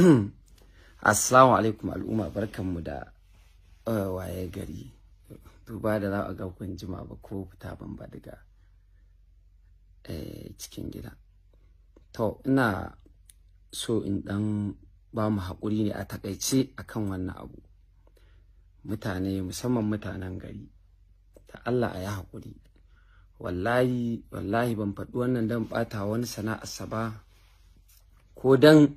Assalamu alaikum al'umma barkanmu da eh, waye gari. Duba da za a ga kun jima ba ko fita ban ba daga eh, cikin gida. To ina so in dan ba mu haƙuri ne a takaice akan wannan abu. Mutane musamman mutanen gari. Ta Allah a yi haƙuri. Wallahi wallahi ban faɗi wannan dan ɓata wani sana'arsa ba ko dan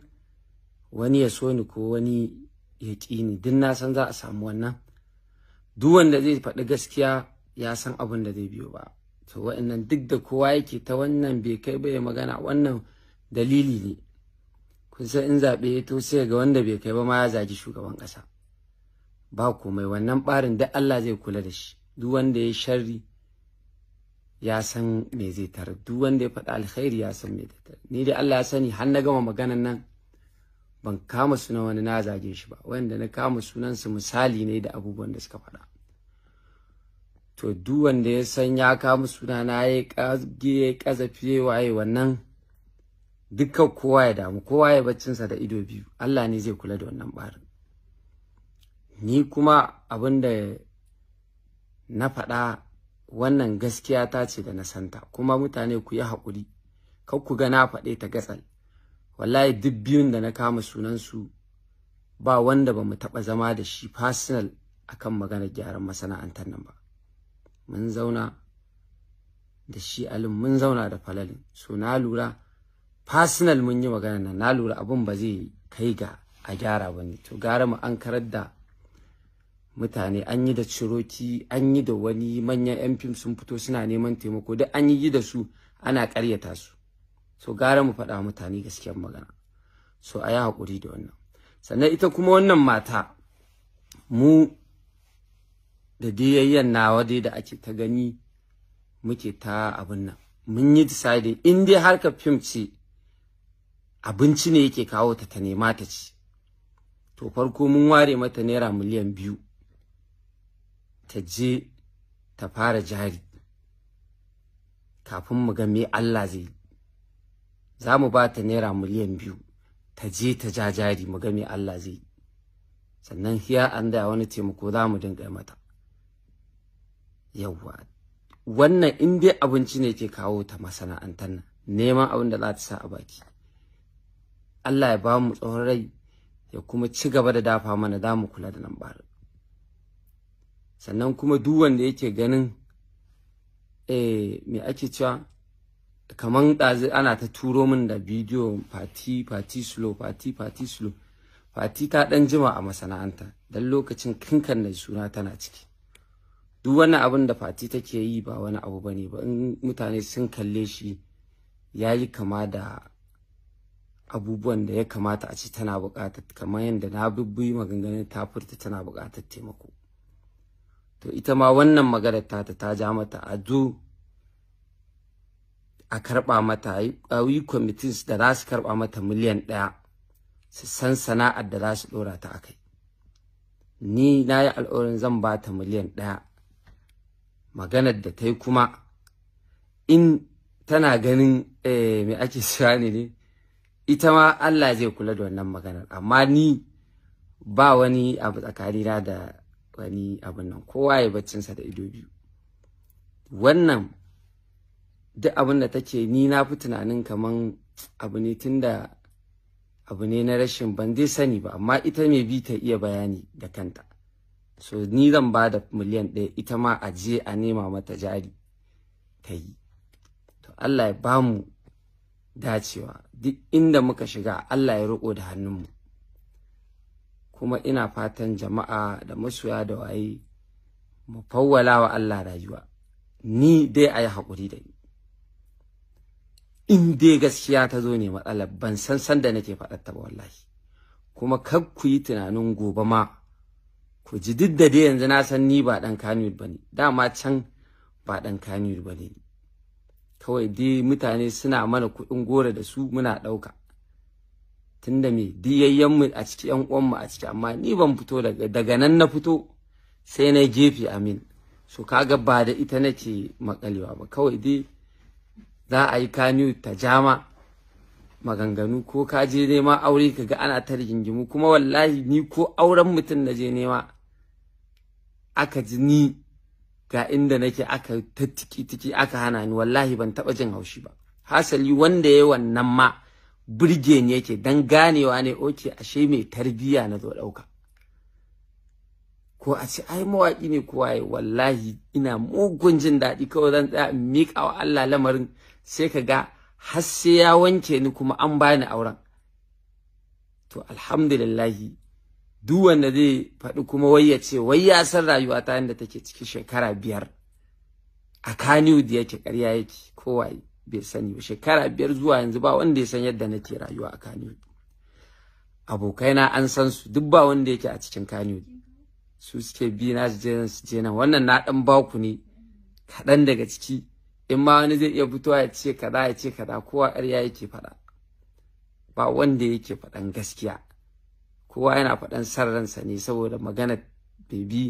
wani ya so ni ko wani ya ƙi ni duk na san za a samu wannan duk wanda zai faɗi gaskiya ya san abin da zai biyo ba to wa'annan duk da kowa yake ta wannan bai kai ba ya magana wannan dalili ne kun san in zaɓe ya to sai ga wanda bai kai ba ma ya zagi shugaban ƙasa ba komai wannan ɓarin duk Allah zai kula da shi duk wanda ya sharri ya san me zai tarar duk wanda ya faɗi alkhairi ya san me zai tarar ni da Allah ya sani har na gama maganan nan ban kama suna wani na zage shi ba wanda na kama sunan su misali ne da abubuwan da suka faɗa to duk wanda ya san ya kama suna na ya kage ya kazafi waye wannan dukkan kowa ya damu kowa ya baccinsa da ido biyu Allah ne zai kula da wannan barin ni kuma abin na faɗa wannan gaskiya ta ce da na santa kuma mutane ku yi haƙuri kar ku ga na faɗe ta gatsal wallahi duk biyun da na kama sunansu ba wanda ba mu taɓa zama da shi personal akan magana gyaran masana'antar nan ba mun zauna da shi alin mun zauna da falalin so na lura personal mun yi magana nan na lura abin ba zai kai ga a gyara ba ne to gara mu an karar da mutane an yi da ciroki an yi da wani manyan yan fim sun fito suna neman taimako duk an yi da su ana ƙaryata su so gara mu faɗa mutane gaskiyar magana so a yi haƙuri da wannan sannan ita kuma wannan mata mu da diyayyan nawa dai da ake ta gani muke ta abin nan mun yi decide in dai harka fim ce abinci ne yake kawo ta ta nema ta ci to farko mun ware mata naira miliyan biyu ta je ta fara jari kafin mu ga me Allah zai yi za mu ba ta naira miliyan biyu ta je ta ja jari mu ga Allah zai sannan hiya an da wani taimako za mu dinga mata yawwa wannan in dai abinci ne ke kawo ta masana'antar nan neman abin da za ta sa a baki Allah ya ba mu tsawon rai ya kuma ci gaba da dafa mana za mu kula da nan ba sannan kuma duk wanda yake ganin eh me ake cewa kaman ɗazi ana ta turo min da bidiyo fati fati slow fati fati slow fati ta ɗan jima a masana'anta don lokacin kinkan da suna tana ciki duk wani abin da fati take yi ba wani abu ba ne ba in mutane sun kalle shi ya yi kama da abubuwan da ya kamata a ce tana buƙatar kamar yadda na bibbi maganganun ta furta tana buƙatar taimako to ita ma wannan magana ta ta ja mata a a karɓa mata a yi committees da za su karɓa mata miliyan ɗaya su san sana'ar da za su ɗora ta kai ni na yi al'orin zan ba ta miliyan ɗaya maganar da ta yi kuma in tana ganin eh, me ake cewa ne ne ita ma Allah zai kula da wannan maganar amma ni ba wani abu tsakanina da wani abin nan kowa ya baccinsa da ido biyu wannan duk abin da take ni na fi tunanin kaman abu ne tunda abu ne na rashin ban zai sani ba amma ita mai bi ta iya bayani da kanta so ni zan ba da miliyan ɗaya ita ma a je a nema mata jari ta yi to Allah ya bamu dacewa duk inda muka shiga Allah ya roƙo da hannunmu kuma ina fatan jama'a da masoya da waye mu fawwala wa Allah rayuwa ni dai a yi haƙuri da ni in dai gaskiya ta zo ne matsalar ban san san da nake faɗar ta ba wallahi kuma kar ku yi tunanin gobe ma ku ji duk da dai yanzu na san ni ba ɗan kanu ba ne dama can ba ɗan kanu ba ne kawai dai mutane suna mana kuɗin gora da su muna ɗauka tunda me mu a ciki yan mu a ciki amma ni ban fito daga nan na fito sai na gefe amin so kaga ba da ita nake makalewa ba kawai dai za a yi kaniyu ta jama maganganu ko ka je nema aure ka ga ana ta rigingimu kuma wallahi ni ko auren mutum na je nema aka ji ni ga inda nake aka ta tiki aka hana ni wallahi ban taba jin haushi ba hasali wanda ya wannan ma burge ni yake dan ganewa ne oke ashe mai tarbiya na zo ɗauka. ko a ce ai mawaƙi ne ko waye wallahi ina mugun jin daɗi kawai zan tsaya in miƙa wa Allah lamarin sai ka ga har sai ya wanke ni kuma an bani auren to alhamdulillahi duk wanda zai faɗi kuma wai ya ce wai ya san rayuwa ta yadda take cikin shekara biyar a kaniyu da yake ƙarya yake ko bai sani ba shekara biyar zuwa yanzu ba wanda ya san yadda nake rayuwa a kaniyu abokaina an san su duk ba wanda yake a cikin kaniyu su suke bi na su je su je nan wannan na dan baku ne kaɗan daga ciki in ma wani zai iya fitowa ya ce kaza ya ce kaza kowa ƙarya yake faɗa ba wanda yake faɗan gaskiya kowa yana faɗan san ransa ne saboda magana bebi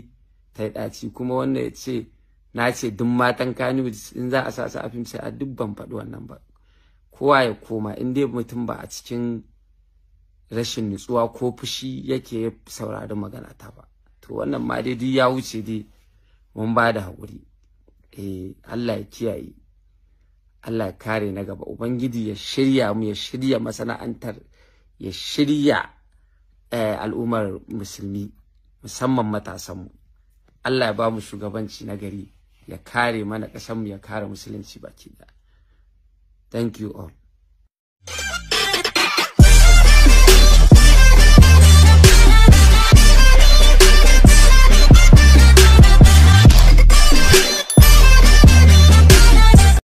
ta yi ɗaci kuma wanda ya ce na ce duk matan kanu in za a sa su a fim sai a duk ban faɗi wannan ba kowa ya koma in dai mutum ba a cikin rashin nutsuwa ko fushi yake saurari magana ta ba to wannan ma dai ya wuce dai mun ba da haƙuri eh Allah ya kiyaye Allah ya kare na gaba ubangiji ya shirya mu ya shirya masana'antar ya shirya eh, al'ummar musulmi musamman matasanmu Allah ya ba mu shugabanci na gari ya kare mana ƙasarmu ya kare musulunci baki da thank you all